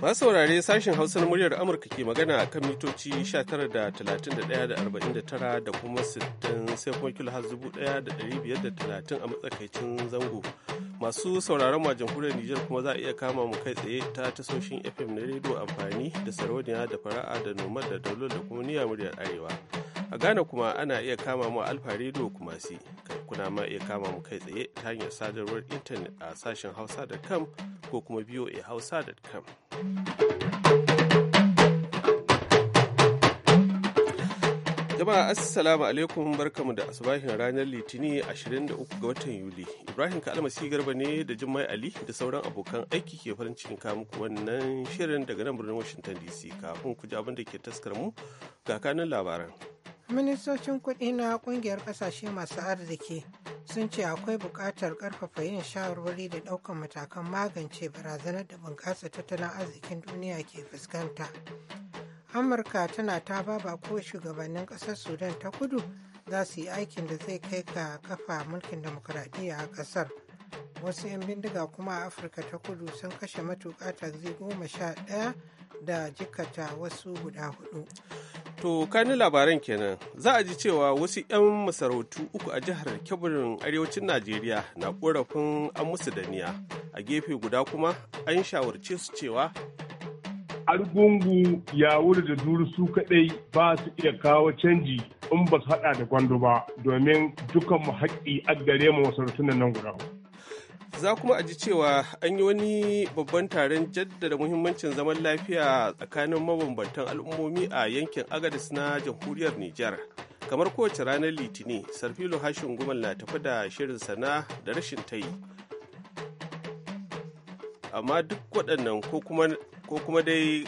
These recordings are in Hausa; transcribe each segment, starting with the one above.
Masu saurare sashen Hausa na muryar Amurka ke magana a kan mitoci 19.31.49 da kuma 60 a matsakaicin zango. Masu sauraron ma jamhuriyar Nijar kuma za a iya kama mu kai tsaye ta tasoshin FM na rediyo amfani da sarauniya da fara'a da noma da dalo da kuma niyyar muryar Arewa. a ghana kuma ana iya kama mu alfa rediyo kuma si kuna ma iya kama mu kai tsaye ta hanyar sadarwar intanet a sashen hausa.com ko kuma voa hausa.com Jama'a assalamu alaikum barkamu da asubahin ranar Litini 23 ga watan Yuli. Ibrahim ka Kalmasi Garba ne da Jummai Ali da sauran abokan aiki ke farin cikin muku wannan shirin daga nan birnin Washington DC kafin ku abin da ke taskar mu ga kanin labaran. Ministocin kuɗi na ƙungiyar ƙasashe masu arziki sun ce akwai bukatar karfafa yin shawarwari da ɗaukar matakan magance barazanar da bunkasa tattalin arzikin duniya ke fuskanta. amurka tana ta baba ko shugabannin ƙasar sudan ta kudu za su yi aikin da zai kai ka kafa mulkin demokuraɗiyya a ƙasar wasu 'yan bindiga kuma a afirka ta kudu sun kashe matuƙa zai goma sha ɗaya da jikata wasu guda hudu to kani labaran kenan za a ji cewa wasu 'yan masarautu uku a jihar kebirin arewacin najeriya na korafin an musu daniya a gefe guda kuma an shawarce su cewa argungu ya wuri da duru su kadai ba su iya kawo canji in ba su hada da gwando ba domin dukan mu haƙƙi a gare mu masarautun nan guda za kuma a ji cewa an yi wani babban taron jaddada muhimmancin zaman lafiya tsakanin mabambantan al'ummomi a yankin agadis na jamhuriyar nijar kamar kowace ranar Litinin, sarfilo hashin gumal na tafi da shirin sana da rashin tayi amma duk waɗannan ko kuma ko kuma dai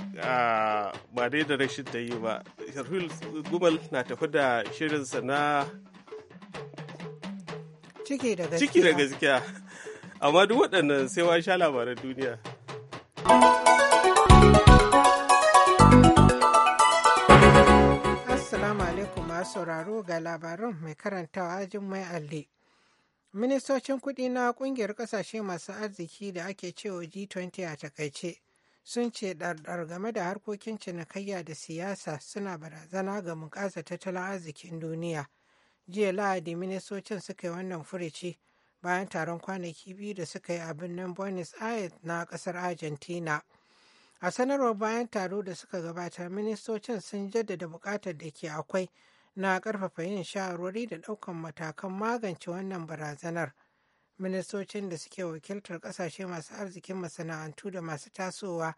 ba dai da rashin ta yi ba sharhul gumal na tafi da shirinsa na ciki da gaskiya amma duk waɗannan sai wa sha labaran duniya assalamu alaikum masu sauraro ga labarin mai karantawa jummai alli ministocin Kudi na ƙungiyar ƙasashe masu arziki da ake cewa g20 a takaice sun ce ɗarɗar game da harkokin cinikayya da siyasa suna barazana ga munƙasa tattalin arzikin duniya jiya lahadi ministocin suka yi wannan furici bayan taron kwanaki biyu da suka yi a birnin buenos aires na ƙasar argentina a sanarwar bayan taro da suka gabata ministocin sun jaddada buƙatar da ke akwai na ƙarfafa yin shawarwari da ɗaukan matakan magance wannan barazanar ministocin da suke wakiltar kasashe masu arzikin masana'antu da masu tasowa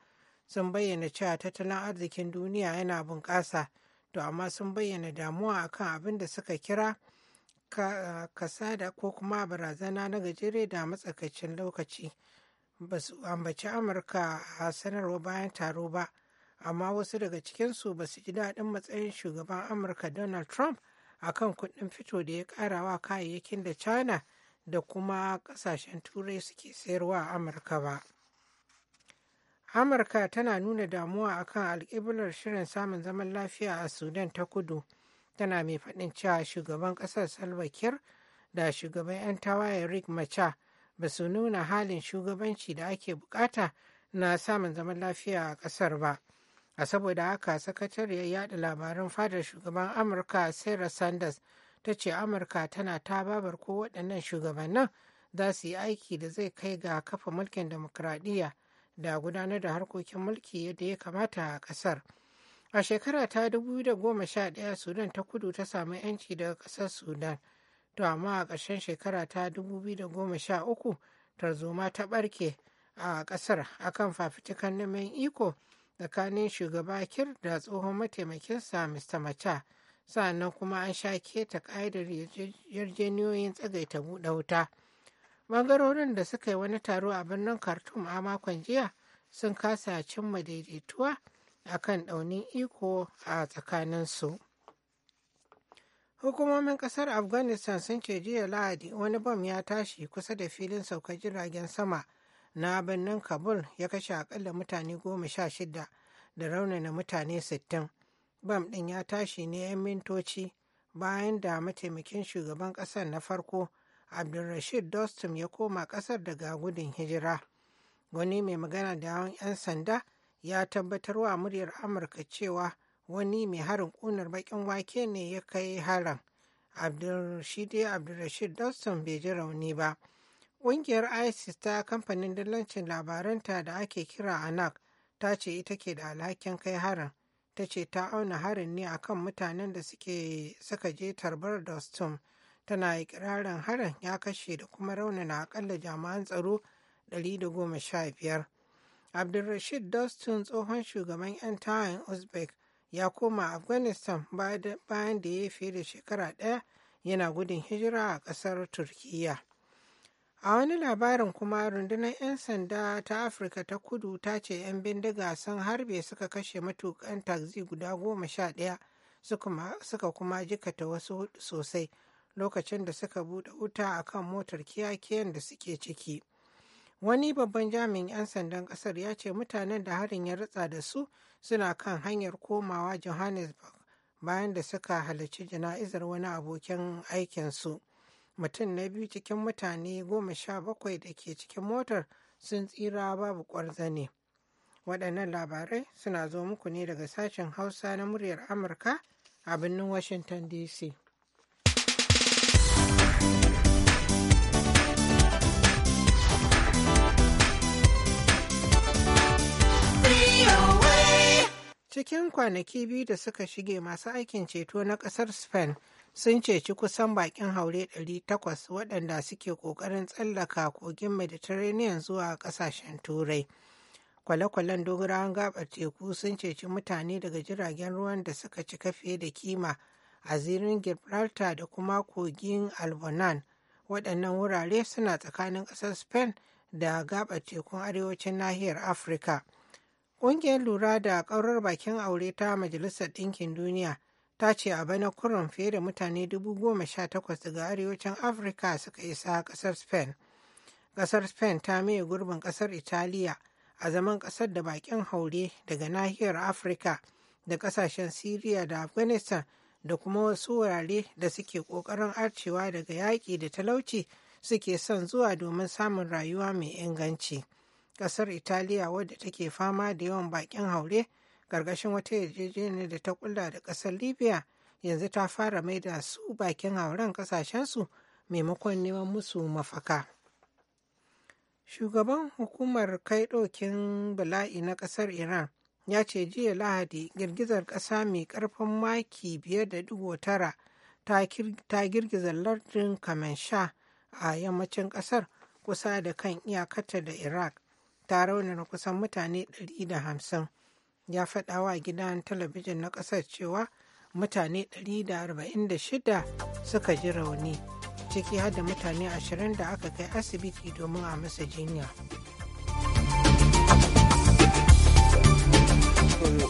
sun bayyana cewa tattalin arzikin duniya yana bunƙasa to amma sun bayyana damuwa akan abin da suka kira kasada ko kuma barazana na gajere da matsakaicin lokaci ba su ambaci amurka a sanarwa bayan taro ba amma wasu daga cikinsu ba su ji daɗin matsayin shugaban amurka donald trump akan kuɗin fito da ya ƙarawa kayayyakin da china da kuma kasashen turai suke sayarwa a amurka ba amurka tana nuna damuwa akan alkiblar shirin samun zaman lafiya a sudan ta kudu tana mai faɗin cewa shugaban ƙasar salva da shugaban 'yan tawaye rick macha ba su nuna halin shugabanci da ake bukata na samun zaman lafiya a ƙasar ba a saboda haka ya yada labarin fadar shugaban amurka sarah sanders ta ce amurka tana ta babar ko waɗannan shugabannin za su yi aiki da zai kai ga kafa mulkin demokuraɗiyya da gudanar da harkokin mulki yadda ya kamata a ƙasar a shekara ta 2011 sudan ta kudu ta samu 'yanci daga ƙasar sudan to amma a ƙarshen shekara ta 2013 tarzoma ta ɓarke a ƙasar akan fafutukan neman iko tsakanin shugaba kir da tsohon mataimakinsa mr macha sannan kuma an sha keta ƙa'idar yarjeniyoyin tsagaita buɗe wuta Magarorin da suka yi wani taro a birnin khartoum a makon jiya sun kasa cimma daidaituwa a kan ɗaunin iko a tsakaninsu hukumomin ƙasar afghanistan sun ce jiya lahadi wani bom ya tashi kusa da filin saukar jiragen sama na birnin kabul ya kashe akalla mutane goma sha shida da raunana mutane sittin bam ɗin ya tashi ne 'yan mintoci bayan da mataimakin shugaban ƙasar na farko abdulrashid dostum ya koma ƙasar daga gudun hijira wani mai magana da yawan 'yan sanda ya tabbatar wa muryar amurka cewa wani mai harin ƙunar baƙin wake ne ya kai harin abdulrashid dostum bai ji rauni ba ƙungiyar isis ta kamfanin dillancin labaranta da ake kira anak ta ce ita ke da alhakin kai harin ta ce ta auna harin ne a kan mutanen da suka je tarbar Dostum. Tana ikirarin harin ya kashe da kuma raunana akalla jami'an tsaro 115. Abdulrashid Dostum tsohon shugaban 'yan tawayen Uzbek ya koma Afghanistan bayan da ya fiye da shekara ɗaya yana gudun hijira a ƙasar Turkiyya. A wani labarin kuma rundunar 'yan sanda ta Afirka ta kudu ta ce 'yan bindiga sun harbe suka kashe matukan taxi guda goma sha ɗaya suka kuma jikata wasu sosai lokacin da suka buɗe wuta a kan motar kiyakiyan da suke ciki. Wani babban jami'in 'yan sandan ƙasar ya ce mutanen da harin ya ritsa da su suna kan hanyar komawa Johannesburg bayan da suka halarci jana'izar wani abokin aikinsu. mutum na biyu cikin mutane goma sha bakwai da ke cikin motar sun tsira babu ƙwarzane. Waɗannan labarai suna zo muku ne daga sashen Hausa na muryar Amurka a birnin Washington DC. Cikin kwanaki biyu da suka shige masu aikin ceto na ƙasar Spain sun ceci kusan bakin haure 800 waɗanda suke ƙoƙarin tsallaka kogin mediterranean zuwa ƙasashen turai kwale-kwalen dogarawan gabar teku sun ceci mutane daga jiragen ruwan da suka cika fiye da kima a zirin gibraltar da kuma kogin albonan waɗannan wurare suna tsakanin ƙasar spain da gabar tekun arewacin nahiyar afirka ƙungiyar lura da ƙaurar bakin aure ta majalisar ɗinkin duniya ta ce a bana kurin fiye da mutane dubu goma sha takwas daga arewacin afirka suka isa kasar spain kasar spain ta maye gurbin kasar italiya a zaman kasar da bakin haure daga nahiyar afirka da kasashen syria da afghanistan da kuma wasu wurare da suke kokarin arcewa daga yaƙi da talauci suke son zuwa domin samun rayuwa mai inganci kasar italiya wadda take fama da yawan bakin haure ƙarƙashin wata yarjejeniyar da ta kulla da ƙasar libya yanzu ta fara mai da su bakin hauren ƙasashensu maimakon neman musu mafaka shugaban hukumar kai ɗokin bala'i na ƙasar iran ya ce jiya lahadi girgizar ƙasa mai ƙarfin maki biyar da dubu tara ta girgiza lardin sha a yammacin ƙasar kusa da kan iyakata da iraq ta raunana kusan mutane 150 ya faɗawa a gidan talabijin na ƙasar cewa mutane 146 suka ji rauni ciki har da mutane 20 da aka kai asibiti domin a masa jinya.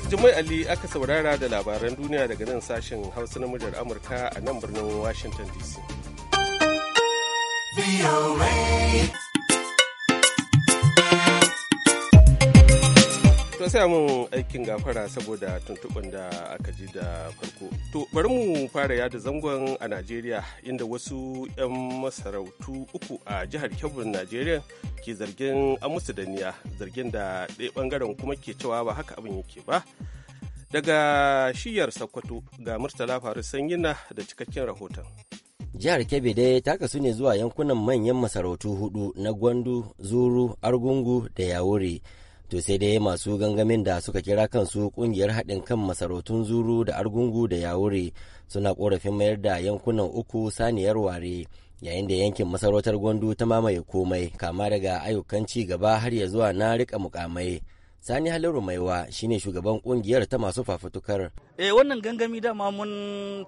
Jimai Ali aka saurara da labaran duniya daga nan sashen Hausa na muryar Amurka a nan birnin Washington DC. to sai mun aikin gafara saboda tuntuɓin da aka ji da farko to bari mu fara yada zangon a najeriya inda wasu 'yan masarautu uku a jihar kebbi najeriya ke zargin an musu daniya zargin da ɗaya ɓangaren kuma ke cewa ba haka abin yake ba daga shiyar sakwato ga murtala faru sanyina da cikakken rahoton jihar kebbi dai ta kasu ne zuwa yankunan manyan masarautu hudu na gwandu zuru argungu da yawuri to sai dai masu gangamin da suka kira kansu kungiyar haɗin kan masarautun zuru da argungu da yawure suna korafin mayar da yankunan uku saniyar ware yayin da yankin masarautar gwandu ta mamaye komai kama daga ayyukan ci gaba har ya zuwa na rika mukamai sani haliru maiwa shine shugaban kungiyar ta masu fafutukar eh wannan gangami dama mun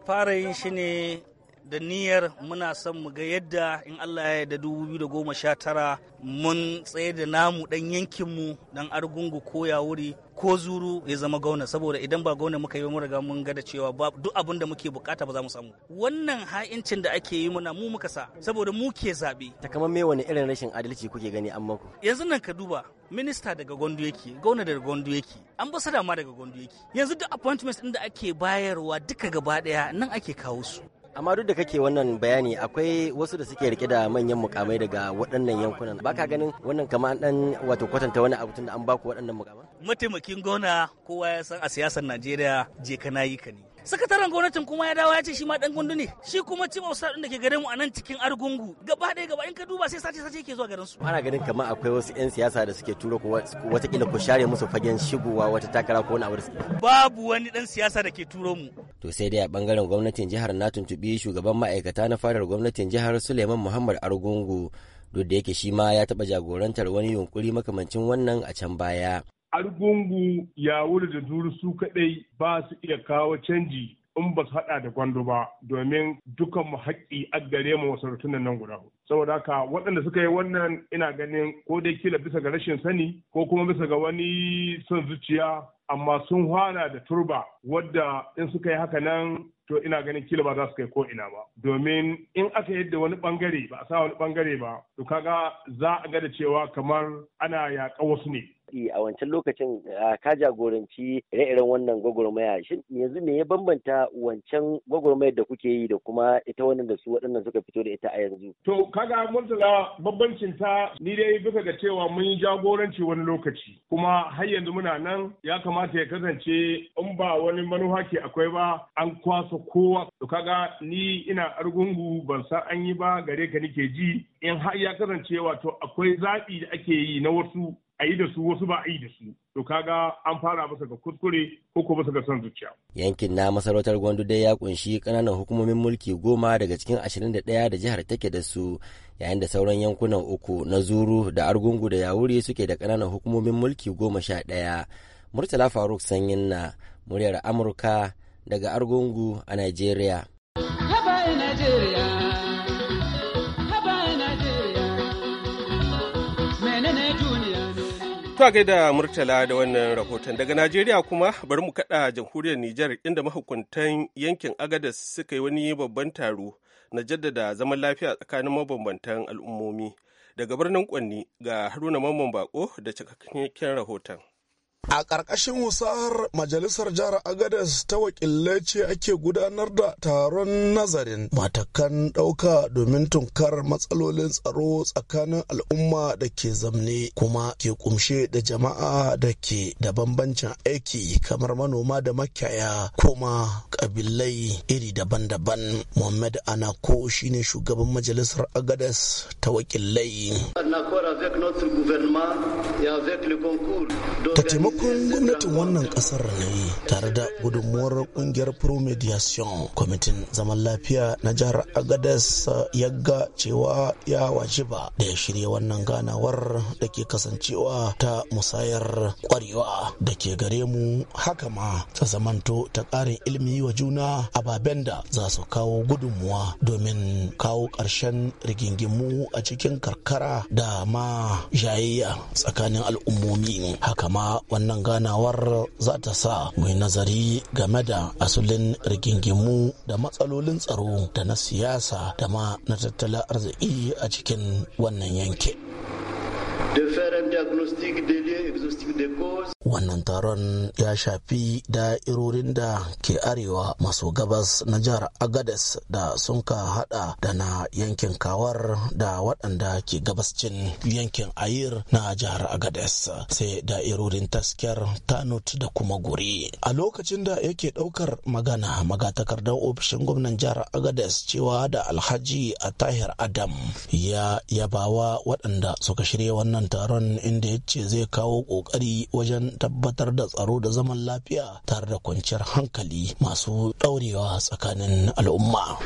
fara yin shi ne da niyyar muna son mu ga yadda in Allah ya da 2019 mun tsaye da namu dan yankinmu dan argungu ko yawuri ko zuru ya zama gauna saboda idan ba gauna muka yi mu riga mun ga da cewa ba duk abin da muke bukata ba za mu samu wannan ha'incin da ake yi muna mu muka sa saboda mu ke zabe me wani irin rashin adalci kuke gani an maku yanzu nan ka duba minista daga gondo yake gauna daga gondo yake an ambassador ma daga gondo yake yanzu duk appointments din da ake bayarwa duka gaba daya nan ake kawo su amma duk da kake wannan bayani akwai wasu da suke rike da manyan mukamai daga waɗannan yankunan baka ganin wannan kama dan wato kwatanta wani abu tunda an baku waɗannan mukamai mataimakin gona kowa ya san a siyasar Najeriya je ka nayi ka ne sakataren gwamnatin kuma ya dawo ya ce shi ma dan gundu ne shi kuma ci bausa din da ke garin mu a nan cikin argungu gaba ɗaya gaba in ka duba sai sace sace yake zuwa garin su ana ganin kamar akwai wasu yan siyasa da suke turo ku kila ku share musu fagen shigowa wata takara ko wani abu babu wani dan siyasa da ke turo mu to sai dai a bangaren gwamnatin jihar na tuntubi shugaban ma'aikata na fadar gwamnatin jihar Suleiman Muhammad Argungu duk da yake shi ma ya taba jagorantar wani yunkuri makamancin wannan a can baya argungu ya wuri da duru su kaɗai ba su iya kawo canji in ba su haɗa da gwando ba domin dukan mu haƙƙi a gare mu masarautun nan guda hudu. Saboda haka waɗanda suka yi wannan ina ganin ko dai kila bisa ga rashin sani ko kuma bisa ga wani son zuciya amma sun hana da turba wadda in suka yi haka nan to ina ganin kila ba za su kai ko ina ba domin in aka yadda wani bangare ba a sa wani bangare ba to kaga za a ga da cewa kamar ana yaƙa wasu ne a wancan lokacin ah, ka jagoranci ire-iren wannan gwagwarmaya shin yanzu me ya bambanta wancan gwagwarmayar da kuke yi da kuma ita wannan da su waɗannan suka fito da ita a yanzu to kaga murtala bambancin ta ni dai bisa ga cewa mun yi jagoranci wani lokaci kuma har yanzu muna nan ya kamata ya kasance in ba wani manufa ke akwai ba an kwasa kowa to kaga ni ina argungu ban san an yi ba gare ka nike ji in har ya kasance wato akwai zaɓi da ake yi na wasu a yi da su wasu ba a yi da su to kaga an fara masa ga kuskure ko kuma masa ga son zuciya yankin na masarautar gwandu dai ya kunshi kananan hukumomin mulki goma daga cikin 21 da jihar take da su yayin da sauran yankunan uku na zuru da argungu da yawuri suke da kananan hukumomin mulki goma sha ɗaya murtala faruk sanyin na muryar amurka daga argungu a nigeria To gaida Murtala da wannan rahoton daga Najeriya kuma bari mu kaɗa jamhuriyar Nijar inda mahukuntan yankin Agadas suka yi wani babban taro na jaddada zaman lafiya tsakanin mabambantan al'ummomi. Daga birnin Kwanni ga Haruna Mamman Bako da cikakken rahoton. A ƙarƙashin wasahar Majalisar Jihar Agadez ta wakilai ce ake gudanar da taron nazarin matakan ɗauka domin tunkar matsalolin tsaro tsakanin al'umma da ke zamne kuma ke kumshe da jama'a da ke da bambancin aiki kamar manoma da makiyaya kuma ƙabilai iri daban-daban. Muhammad Anako shine shugaban Majalisar Agadez ta wakilai. Anako ta taimakon gwamnatin wannan kasar ne tare da gudunmuwar kungiyar pro mediation kwamitin zaman lafiya na jihar agadas yagga cewa ya wajiba da ya shirya wannan ganawar da ke kasancewa ta musayar kwarewa da ke gare mu haka ma ta zamanto ta ƙarin ilimi wa juna ababen da za su kawo gudunmuwa domin kawo ƙarshen rigingimu a cikin karkara da ma jayayya tsakanin al'ummomi haka ma wannan ganawar za ta sa mai nazari game da asulin rigingimu da matsalolin tsaro da na siyasa da ma na tattalin arziki a cikin wannan yanki Wannan taron ya shafi da'irorin da ke arewa maso gabas na jihar Agades da sun ka hada da na yankin Kawar da waɗanda ke gabas cin yankin Ayir na jihar Agades sai da'irorin taskiyar Tanut da kuma Guri. A lokacin da yake ɗaukar magana magatakardar ofishin gwamnan jihar Agades cewa da Alhaji a Tahir Adam ya yabawa waɗanda suka shirya wannan taron inda ya ce zai kawo ƙoƙari wajen tabbatar da tsaro da zaman lafiya tare da kwanciyar hankali masu ɗaurewa tsakanin al'umma.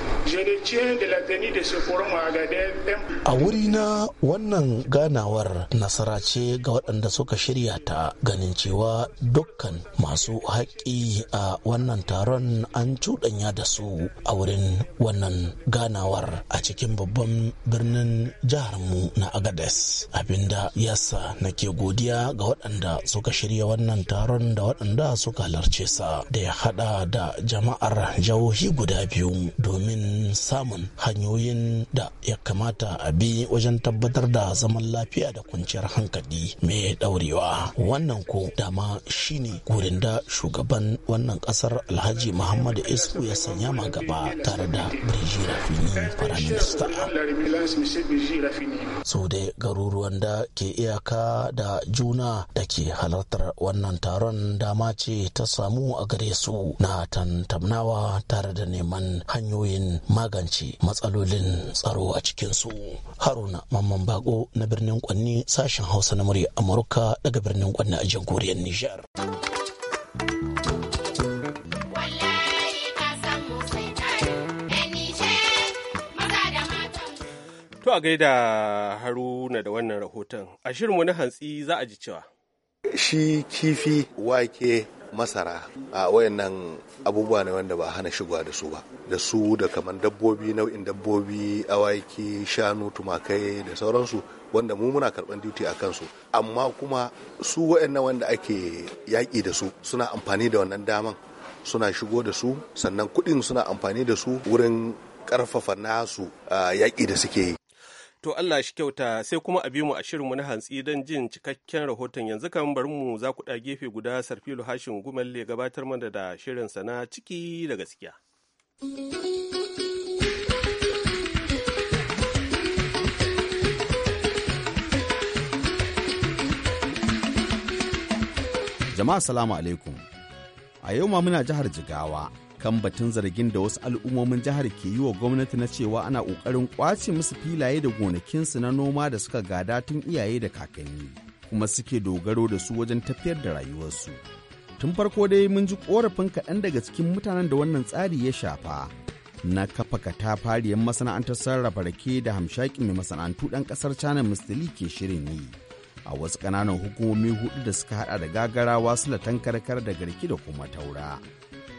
A wuri na wannan ganawar nasara ce ga waɗanda suka shirya ta ganin cewa dukkan masu haƙƙi a wannan taron an cuɗanya da su a wurin wannan ganawar a cikin babban birnin jihar Mu na Agades abinda yasa nake godiya ga waɗanda suka shirya wannan taron da waɗanda suka halarce sa da ya haɗa da jama'ar jihohi guda biyu domin samun hanyoyin da ya kamata a bi wajen tabbatar da zaman lafiya da kwanciyar hankali mai ɗaurewa wannan ko dama shine gurin da shugaban wannan ƙasar alhaji Muhammadu isu ya sanya ma gaba tare da birji rafini firaminista so da garuruwan da ke iyaka da juna da ke halartar wannan taron dama ce ta samu a gare su na tantamnawa tare da neman hanyoyin magance matsalolin tsaro a cikinsu haruna mamman bako na birnin kwanni sashen hausa na murya amurka daga birnin kwanni a jamhuriyar nijar zuwa a da Haruna da wannan rahoton. A shirinmu na hantsi za a ji cewa. Shi kifi wake masara a wayannan abubuwa ne wanda ba hana shigowa da su ba da su da kamar dabbobi nau'in dabbobi awaki shanu tumakai da sauransu wanda mu muna karban duty a kansu amma kuma su wayannan wanda ake yaƙi da su suna amfani da wannan daman suna shigo da su sannan kuɗin suna amfani da su wurin karfafa nasu yaƙi da suke yi To Allah shi kyauta sai kuma a bi mu a shirinmu na hantsi don jin cikakken rahoton yanzu kan bari mu za ku gefe guda sarfilu hashin gumalle gabatar mana da shirin na ciki da gaskiya. Jama'a salamu alaikum. A yau ma muna jihar Jigawa kan batun zargin da wasu al'ummomin jihar ke yi wa gwamnati na cewa ana ƙoƙarin ƙwace musu filaye da gonakinsu na noma da suka gada tun iyaye da kakanni kuma suke dogaro da su wajen tafiyar da rayuwarsu tun farko dai mun ji ƙorafin kaɗan daga cikin mutanen da wannan tsari ya shafa na kafa katafariyar masana'antar sarrafa rake da hamshakin mai masana'antu ɗan ƙasar china mr lee ke shirin yi a wasu ƙananan hukumomi hudu da suka hada da gagarawa su latan karkar da garki da kuma taura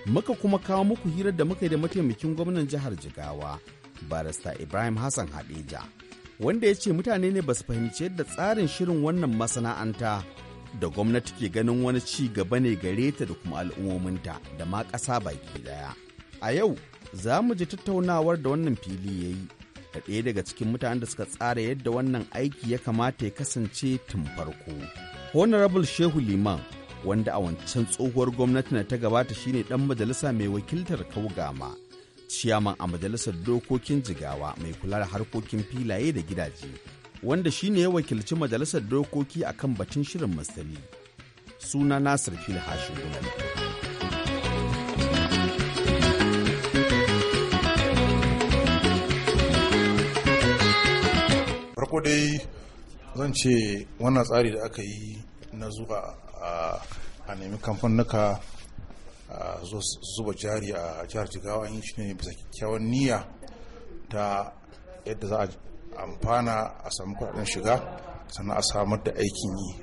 muka kuma kawo muku hirar da muka yi da mataimakin gwamnan jihar jigawa barista ibrahim hassan hadija wanda ya ce mutane ne ba su fahimci yadda tsarin shirin wannan masana'anta da gwamnati ke ganin wani ci gaba ne gare ta da kuma al'ummominta da ma ƙasa baki daya a yau za mu ji tattaunawar da wannan fili ya yi da ɗaya daga cikin mutanen da suka tsara yadda wannan aiki ya kamata ya kasance tun farko honorable shehu liman wanda a wancan tsohuwar gwamnati na ta gabata shine dan majalisa mai wakiltar kaugama ciyaman a majalisar dokokin jigawa mai kula da harkokin filaye da gidaje wanda shine ya wakilci majalisar dokoki a kan batun shirin masali suna nasir fil hashin zan ce wannan tsari da aka yi na zuwa a nemi kamfanuka zuba jari a jihar jigawa an yi shi ne bisa kyakkyawan niyya ta yadda za a amfana a samu kudaden shiga sannan a samar da aikin yi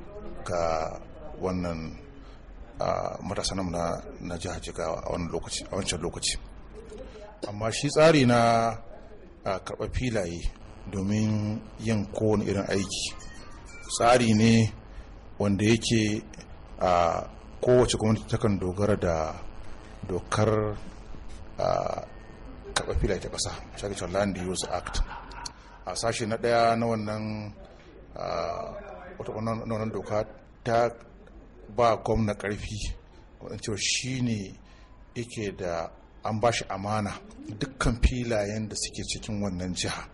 ga wannan matasa na jihar jigawa a wancan lokaci amma shi tsari na karɓa filaye domin yin kowane irin aiki tsari ne wanda yake a kowace gwamnati takan dogara da dokar karɓar filaye ta ƙasa shagacin land use act a sashe na ɗaya na wannan wannan doka ta ba gwamna ƙarfi wadda shi ne yake da an ba shi amana dukkan filayen da suke cikin wannan jiha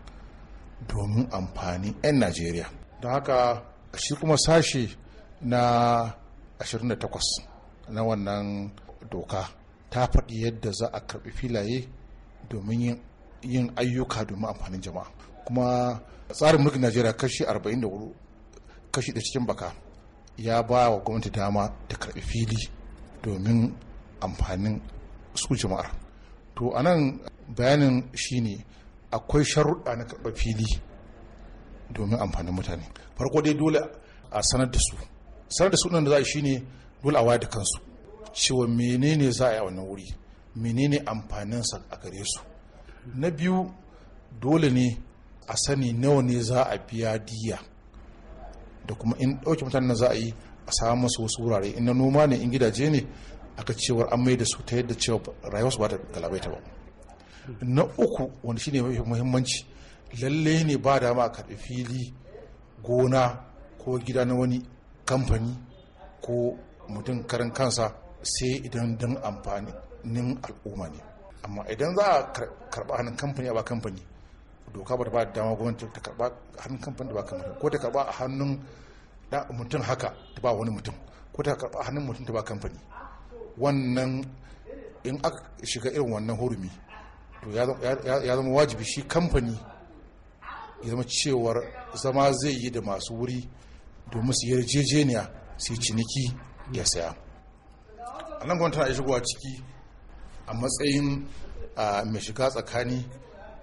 domin amfani 'yan najeriya don haka shi kuma sashe na 28 na wannan doka ta faɗi yadda za a karɓi filaye domin yin ayyuka domin amfanin jama'a kuma tsarin mulkin najeriya kashi 44 kashi da cikin baka ya ba wa gwamnati dama ta karɓi fili domin amfanin su jama'ar to a nan bayanin shine akwai sharuɗa na karɓar fili domin amfanin mutane farko dai dole a sanar da su sanar da sunan da za a shi ne dole a waya da kansu cewa menene za a yi a wannan wuri menene sa a gare su na biyu dole ne a sani nawa ne za a biya diya da kuma in ɗauke mutanen za a yi a samu masu wasu wurare in na noma ne in gidaje ne aka cewar an mai da su ta yadda cewa rayuwarsu ba ta galabaita ba na uku wanda shine mafi muhimmanci lalle ne ba dama a karɓi fili gona ko gida na wani kamfani ko mutum karin kansa sai idan don amfanin al'umma ne amma idan za a karba hannun kamfani a ba kamfani doka ba ta ba dama gwamnati ta karba hannun kamfani da ba kamfani ko ta karba a hannun mutum haka ta ba wani mutum ko ta karba hannun mutum ta ba kamfani wannan in aka shiga irin wannan hurumi to ya zama wajibi shi kamfani ya zama cewar zama zai yi da masu wuri domin su yarjejeniya su yi ciniki ya saya a nan gwamnati tana shigowa ciki a matsayin mai shiga tsakani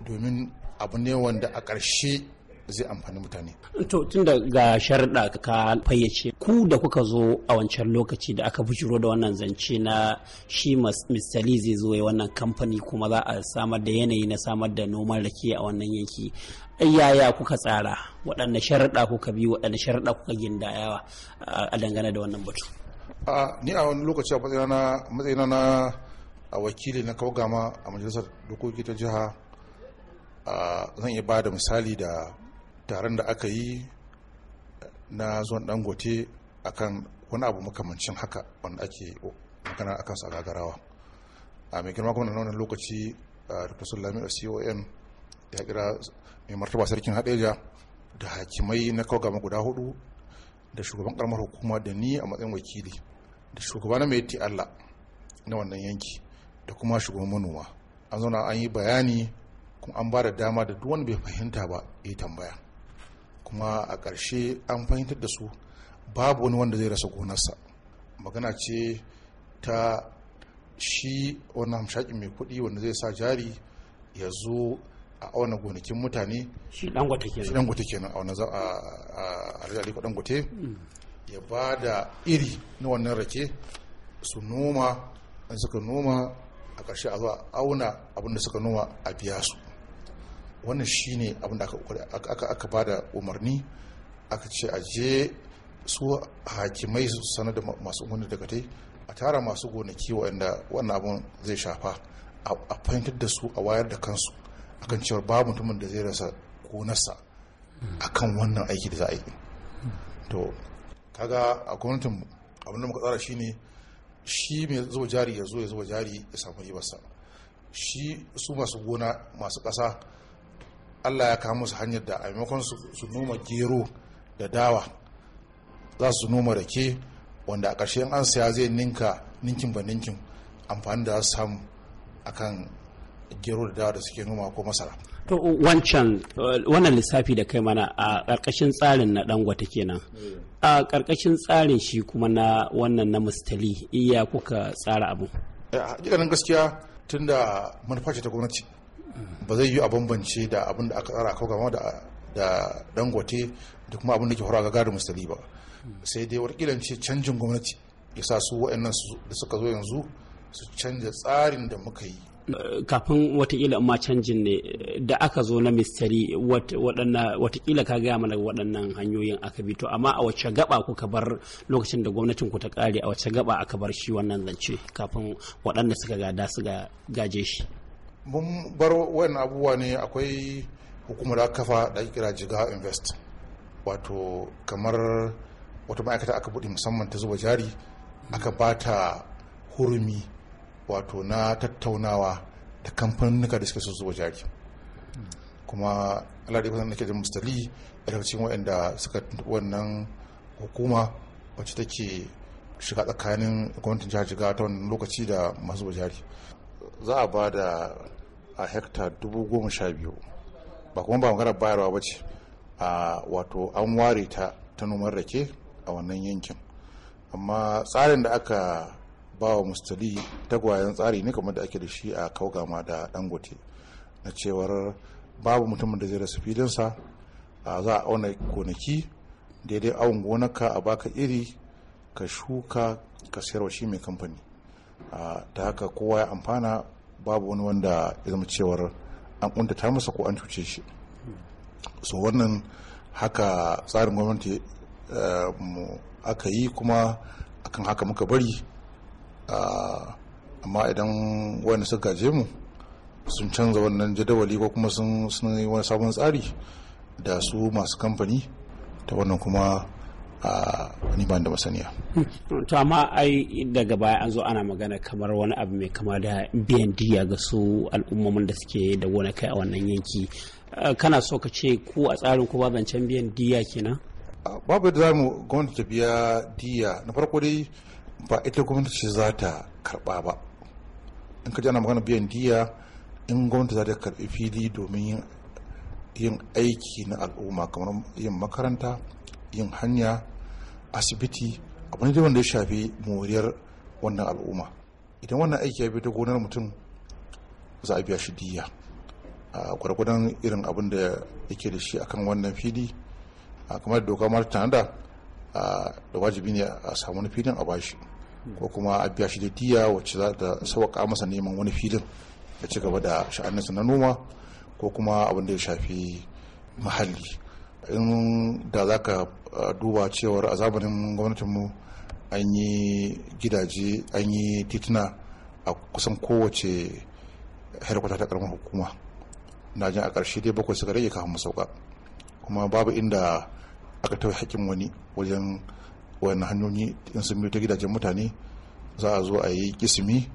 domin abu ne wanda a ƙarshe zai amfani mutane. To tun da ga sharɗa ka fayyace ku da kuka zo a wancan lokaci da aka bujiro da wannan zance na shi Mr. zai zo ya wannan kamfani kuma za a samar da yanayi na samar da noman rake a wannan yanki. Yaya kuka tsara waɗanne sharɗa kuka bi waɗanne sharɗa kuka gindayawa a dangane da wannan batu. ni a wani lokaci a matsayina na a wakili na kawgama a majalisar dokoki ta jiha zan iya ba da misali da taron da aka yi na zuwan dangote kan wani abu makamancin haka wanda ake magana a sa gagarawa a mai girma na wannan lokaci dr sulami a com ya kira mai martaba sarkin hadeja da hakimai na kawgama guda hudu da shugaban karamar hukuma da ni a matsayin wakili da shugaba na mai allah na wannan yanki da kuma shugaban manoma an zauna an yi bayani kuma an ba da dama da duk wanda bai fahimta ba ya tambaya kuma a ƙarshe an fahimtar da su babu wani wanda zai rasa gonarsa magana ce ta shi wani hamshakin mai kuɗi wanda zai sa jari ya zo a auna gonakin mutane shi dangote kenan a wani a dangote mm. ya ba da iri na wannan rake su noma in suka noma a ƙarshe a zuwa auna abinda suka noma a biya su wannan shine abin da aka ba da umarni aka ce a je su hakimai su sanar da masu umarni daga tai a tara masu gonaki waɗanda wannan abin zai shafa a fahimtar da su a wayar da kansu akan cewar ba mutumin da zai rasa gonarsa kan wannan aiki da za a yi to kaga a gwamnatin abin da muka tsara shi ne shi mai zuba jari ya zo ya zuba jari ya samu ribarsa shi su masu gona masu ƙasa allah ya kawo musu hanyar da a maimakon su noma gero da dawa za su noma rake wanda a ƙarshen an saya zai ninka ninkin ba ninkin amfani da su samu kan gero da dawa da suke noma ko masara to wancan wannan lissafi da kai mana a ƙarƙashin tsarin na dangwata kenan a ƙarƙashin tsarin shi kuma na wannan na mustali iya kuka tsara abu eh, hakikanin gaskiya tunda manufa ta gwamnati ba zai yi a bambance da abin da aka tsara a kogama da dangote da kuma abin da ke horaga ga gadi ba sai dai wakilan ce canjin gwamnati ya sa su wa'annan da suka zo yanzu su canja tsarin da muka yi kafin watakila ma canjin ne da aka zo na mistari watakila ka gaya mana waɗannan hanyoyin aka bi to amma a wace gaba kuka bar lokacin da gwamnatin ku ta kare a wace gaba aka bar shi wannan zance kafin waɗanda suka gada su gaje shi mun bar wayan abubuwa ne akwai hukumar da kafa da kira jiga invest wato kamar wata ma'aikata aka buɗe musamman ta zuba jari aka ba ta hurumi wato na tattaunawa da kamfanunuka da suke su zuba jari kuma alaɗe kusan nake da mustali a cikin waɗanda suka wannan hukuma wacce take shiga tsakanin gwamnatin jihar jiga ta wannan lokaci da masu zuba jari za a ba da a hekta dubu goma sha biyu ba kuma ba magana bayarwa ba ce a wato an ware ta ta noman rake a wannan yankin amma tsarin da aka ba wa mustali tagwayen tsari ne kamar da ake da shi a kaugama da dangote na cewar babu mutumin da zai rasa filinsa a za a auna gonaki daidai awon gonaka a baka iri ka shuka ka sayarwa shi mai kamfani ta haka kowa ya amfana babu wani wanda ya zama cewar an kuntata masa ko an cuce shi so wannan haka tsarin gwamnati eh, aka yi kuma akan haka muka bari amma idan wani suka gaje mu sun canza wannan jadawali ko kuma sun yi wani sabon tsari da su masu kamfani ta wannan kuma ni ban da masaniya. to amma ai daga baya an zo ana magana kamar wani abu mai kama da biyan diya ga su al'ummomin da suke da wani kai a wannan yanki eh, kana so ka ce ku a tsarin ku ba zancen biyan diya kenan. babu da zamu gwamnati ta biya diya na farko dai ba ita gwamnati ce za ta karba ba in ka ji ana magana biyan diya in gwamnati za ta karbi fili domin yin aiki na al'umma kamar yin makaranta yin hanya asibiti abu ne wanda ya shafi moriyar wannan al'umma idan wannan aiki ya bi ta gonar mutum za a biya shi diya a gwargwadon irin abin da yake da shi akan wannan fili a kamar doka mara tanada da wajibi ne a samu wani filin a bashi ko kuma a biya shi da diya wacce za ta sauƙa masa neman wani filin ya ci gaba da sha'aninsa na noma ko kuma abin da ya shafi mahalli in da za ka duba cewar a zamanin gwamnatinmu an yi gidaje an yi tituna a kusan kowace harkwata ta karamar hukuma na jin a ƙarshe dai bakwai suka rage kafin sauka kuma babu inda aka taɓa hakkin wani wajen wani hanyoyi in sun ta gidajen mutane za a zo a yi kismi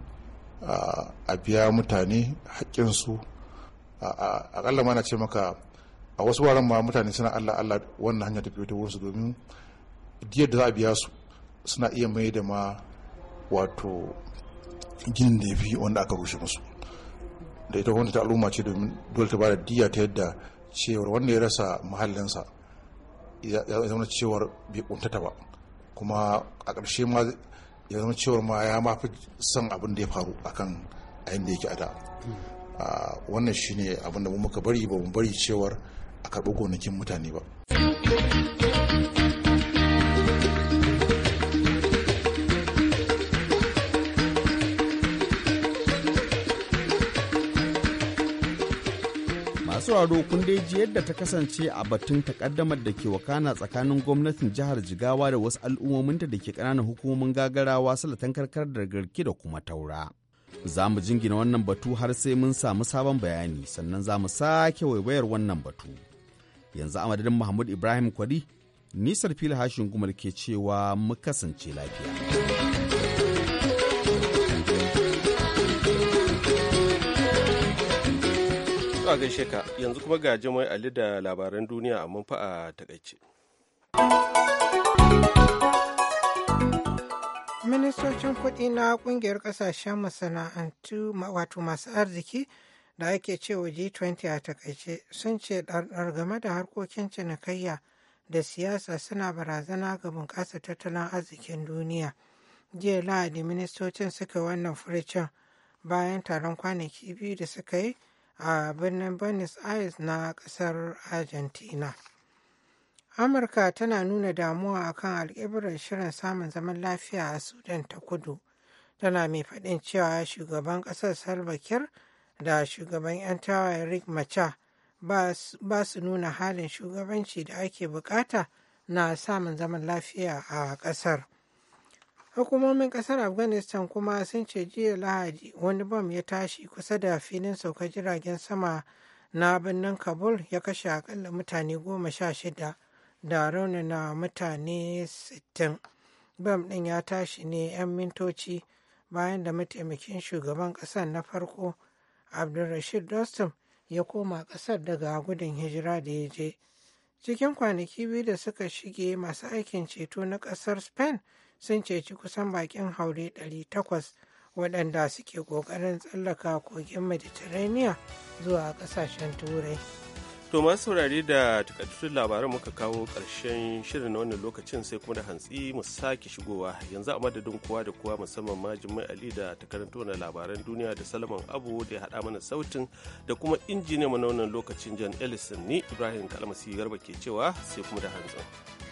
a biya mutane hakkinsu a ƙalla mana ce maka a wasu wuraren ma mutane suna allah allah wannan hanya ta ta wurinsu domin diyar da za a biya su suna iya mai da ma wato ginin da ya fi wanda aka rushe musu da ita wanda ta al'umma ce domin dole ta bada diya ta yadda cewar wanda ya rasa mahallinsa ya zama cewar bai kuntata ba kuma a ƙarshe ma ya zama cewar ma ya mafi son abin da ya faru akan ayin da yake a da hmm. ah, wannan shine abin da mu muka bari ba mu bari cewar a karɓi gonakin mutane ba sauraro kun dai ji yadda ta kasance a batun takaddamar da ke wakana tsakanin gwamnatin jihar jigawa da wasu al'ummominta da ke ƙananan hukumomin gagarawa salatan karkar da garki da kuma taura za mu jingina wannan batu har sai mun samu sabon bayani sannan za mu sake waiwayar wannan batu yanzu a madadin mahmud ibrahim kwari nisar fili hashin gumar ke cewa mu kasance lafiya a gaishe ka yanzu kuma ga jimai ali da labaran duniya amma fa'a ta takaice ministocin kuɗi na ƙungiyar ƙasashen masana'antu wato masu arziki da ake cewa G20 a takaice sun ce ɗarɗar game da harkokin cinikayya da siyasa suna barazana ga bunƙasa tattalin arzikin duniya. Jiya Lahadi ministocin suka wannan furicin bayan taron kwanaki biyu da suka yi a birnin Buenos Aires na ƙasar Argentina. Amurka tana nuna damuwa akan alƙibrar shirin samun zaman lafiya a Sudan ta kudu. Tana mai faɗin cewa shugaban ƙasar Salva Kiir da shugaban 'yan tawaye rick macha ba su nuna halin shugabanci da ake bukata na samun zaman lafiya a kasar hukumomin kasar afghanistan kuma sun ce jiya lahadi wani bom ya tashi kusa da filin sauka jiragen sama na birnin kabul ya kashe akalla mutane goma sha shida da raunana mutane sittin bom din ya tashi ne 'yan mintoci bayan da mataimakin shugaban kasar na farko abdulrashid dostum ya koma ƙasar daga gudun hijira da ya je cikin kwanaki biyu da suka shige masu aikin ceto na ƙasar spain sun ceci kusan bakin haure 800 waɗanda suke ƙoƙarin tsallaka kogin mediterranean zuwa ƙasashen turai To masu saurare da takaddun labaran muka kawo ƙarshen shirin na wannan lokacin sai kuma da hantsi mu sake shigowa yanzu a madadin kowa da kowa musamman ma Jummai Ali da takarantar na labaran duniya da Salman Abu da ya haɗa mana sautin da kuma injiniya mu na wannan lokacin jan Ellison ni Ibrahim Kalmasi Garba ke cewa sai kuma da hantsi.